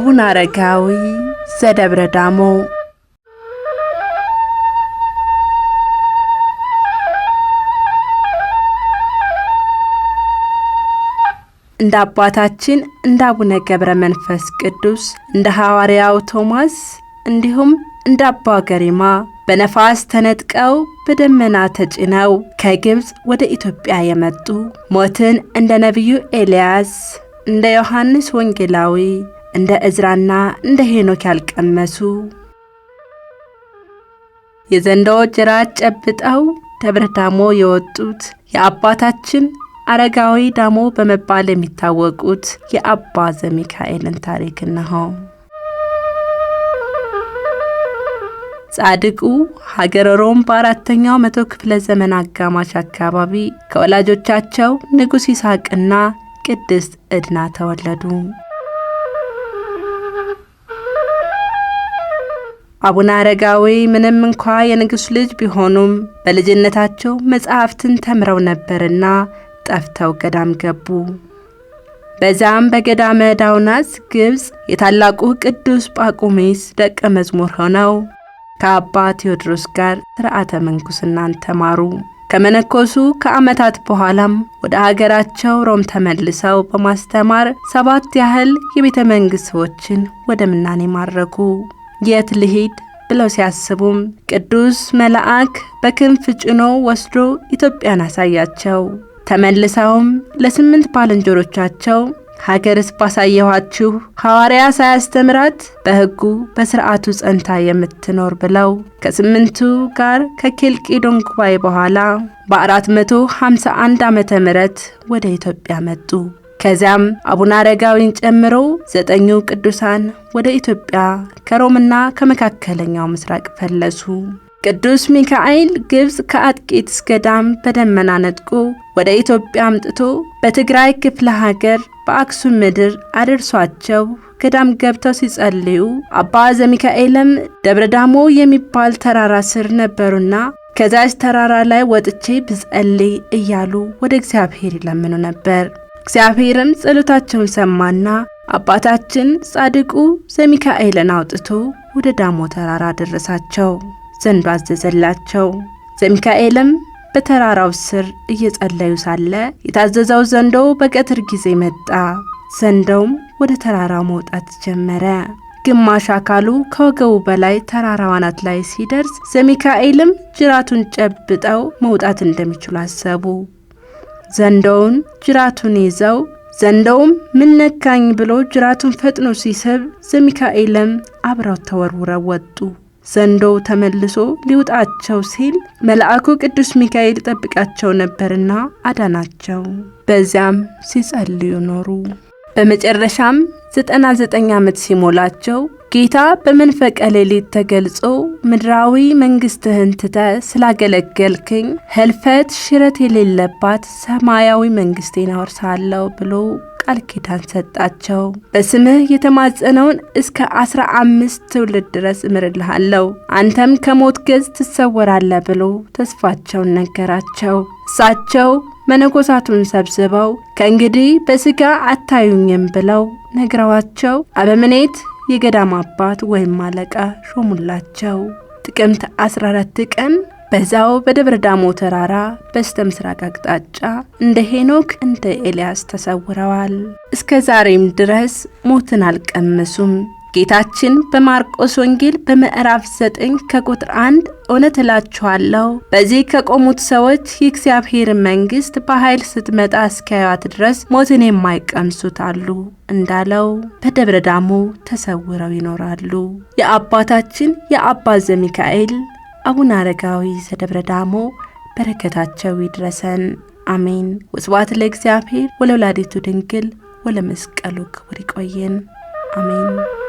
አቡነ አረጋዊ ዘደብረ ዳሞ እንደ አባታችን እንደ አቡነ ገብረ መንፈስ ቅዱስ እንደ ሐዋርያው ቶማስ እንዲሁም እንደ አባ ገሪማ በነፋስ ተነጥቀው በደመና ተጭነው ከግብፅ ወደ ኢትዮጵያ የመጡ ሞትን እንደ ነቢዩ ኤልያስ እንደ ዮሐንስ ወንጌላዊ እንደ እዝራና እንደ ሄኖክ ያልቀመሱ የዘንዶች ራት ጨብጠው ደብረ ዳሞ የወጡት የአባታችን አረጋዊ ዳሞ በመባል የሚታወቁት የአባ ዘሚካኤልን ታሪክ እነሆ። ጻድቁ ሀገረ ሮም በአራተኛው መቶ ክፍለ ዘመን አጋማሽ አካባቢ ከወላጆቻቸው ንጉሥ ይስሐቅና ቅድስት ዕድና ተወለዱ። አቡነ አረጋዊ ምንም እንኳ የንጉሥ ልጅ ቢሆኑም በልጅነታቸው መጽሐፍትን ተምረው ነበርና ጠፍተው ገዳም ገቡ። በዚያም በገዳመ ዳውናስ ግብፅ የታላቁ ቅዱስ ጳቁሜስ ደቀ መዝሙር ሆነው ከአባ ቴዎድሮስ ጋር ሥርዓተ ምንኩስናን ተማሩ። ከመነኮሱ ከዓመታት በኋላም ወደ ሀገራቸው ሮም ተመልሰው በማስተማር ሰባት ያህል የቤተ መንግሥት ሰዎችን ወደ ምናኔ ማድረጉ የት ልሂድ ብለው ሲያስቡም ቅዱስ መልአክ በክንፍ ጭኖ ወስዶ ኢትዮጵያን አሳያቸው። ተመልሰውም ለስምንት ባልንጀሮቻቸው ሀገርስ ባሳየኋችሁ ሐዋርያ ሳያስተምራት በሕጉ በሥርዓቱ ጸንታ የምትኖር ብለው ከስምንቱ ጋር ከኬልቄዶን ጉባኤ በኋላ በ451 ዓ ም ወደ ኢትዮጵያ መጡ። ከዚያም አቡነ አረጋዊን ጨምሮ ዘጠኙ ቅዱሳን ወደ ኢትዮጵያ ከሮምና ከመካከለኛው ምስራቅ ፈለሱ። ቅዱስ ሚካኤል ግብፅ ከአጥቂት እስከ በደመና ነጥቆ ወደ ኢትዮጵያ አምጥቶ በትግራይ ክፍለ ሀገር በአክሱም ምድር አደርሷቸው ገዳም ገብተው ሲጸልዩ አባ ዘሚካኤልም ደብረ ዳሞ የሚባል ተራራ ስር ነበሩና ከዛች ተራራ ላይ ወጥቼ ብጸልይ እያሉ ወደ እግዚአብሔር ይለምኑ ነበር። እግዚአብሔርም ጸሎታቸውን ሰማና አባታችን ጻድቁ ዘሚካኤልን አውጥቶ ወደ ዳሞ ተራራ ደረሳቸው ዘንዶ አዘዘላቸው። ዘሚካኤልም በተራራው ስር እየጸለዩ ሳለ የታዘዘው ዘንዶ በቀትር ጊዜ መጣ። ዘንዶውም ወደ ተራራው መውጣት ጀመረ። ግማሽ አካሉ ከወገቡ በላይ ተራራው አናት ላይ ሲደርስ ዘሚካኤልም ጅራቱን ጨብጠው መውጣት እንደሚችሉ አሰቡ። ዘንዶውን ጅራቱን ይዘው ዘንዶውም ምን ነካኝ ብሎ ጅራቱን ፈጥኖ ሲስብ ዘሚካኤልም አብረው ተወርውረው ወጡ። ዘንዶው ተመልሶ ሊውጣቸው ሲል መልአኩ ቅዱስ ሚካኤል ጠብቃቸው ነበርና አዳናቸው። በዚያም ሲጸልዩ ኖሩ። በመጨረሻም ዘጠና ዘጠኝ ዓመት ሲሞላቸው ጌታ በመንፈቀ ሌሊት ተገልጾ ምድራዊ መንግስትህን ትተ ስላገለገልክኝ ህልፈት፣ ሽረት የሌለባት ሰማያዊ መንግስቴን አወርሳለሁ ብሎ ቃል ኪዳን ሰጣቸው። በስምህ የተማጸነውን እስከ አስራ አምስት ትውልድ ድረስ እምርልሃለሁ አንተም ከሞት ገጽ ትሰወራለህ ብሎ ተስፋቸውን ነገራቸው። እሳቸው መነኮሳቱን ሰብስበው ከእንግዲህ በስጋ አታዩኝም ብለው ነግረዋቸው አበምኔት የገዳም አባት ወይም አለቃ ሾሙላቸው። ጥቅምት 14 ቀን በዛው በደብረ ዳሞ ተራራ በስተ ምስራቅ አቅጣጫ እንደ ሄኖክ እንደ ኤልያስ ተሰውረዋል። እስከ ዛሬም ድረስ ሞትን አልቀመሱም። ጌታችን በማርቆስ ወንጌል በምዕራፍ 9 ከቁጥር 1 እውነት እላችኋለሁ በዚህ ከቆሙት ሰዎች የእግዚአብሔርን መንግሥት በኃይል ስትመጣ እስኪያዩት ድረስ ሞትን የማይቀምሱት አሉ እንዳለው በደብረ ዳሞ ተሰውረው ይኖራሉ። የአባታችን የአባ ዘሚካኤል አቡነ አረጋዊ ዘደብረ ዳሞ በረከታቸው ይድረሰን፣ አሜን። ወስብሐት ለእግዚአብሔር ወለወላዲቱ ድንግል ወለመስቀሉ ክቡር። ይቆየን፣ አሜን።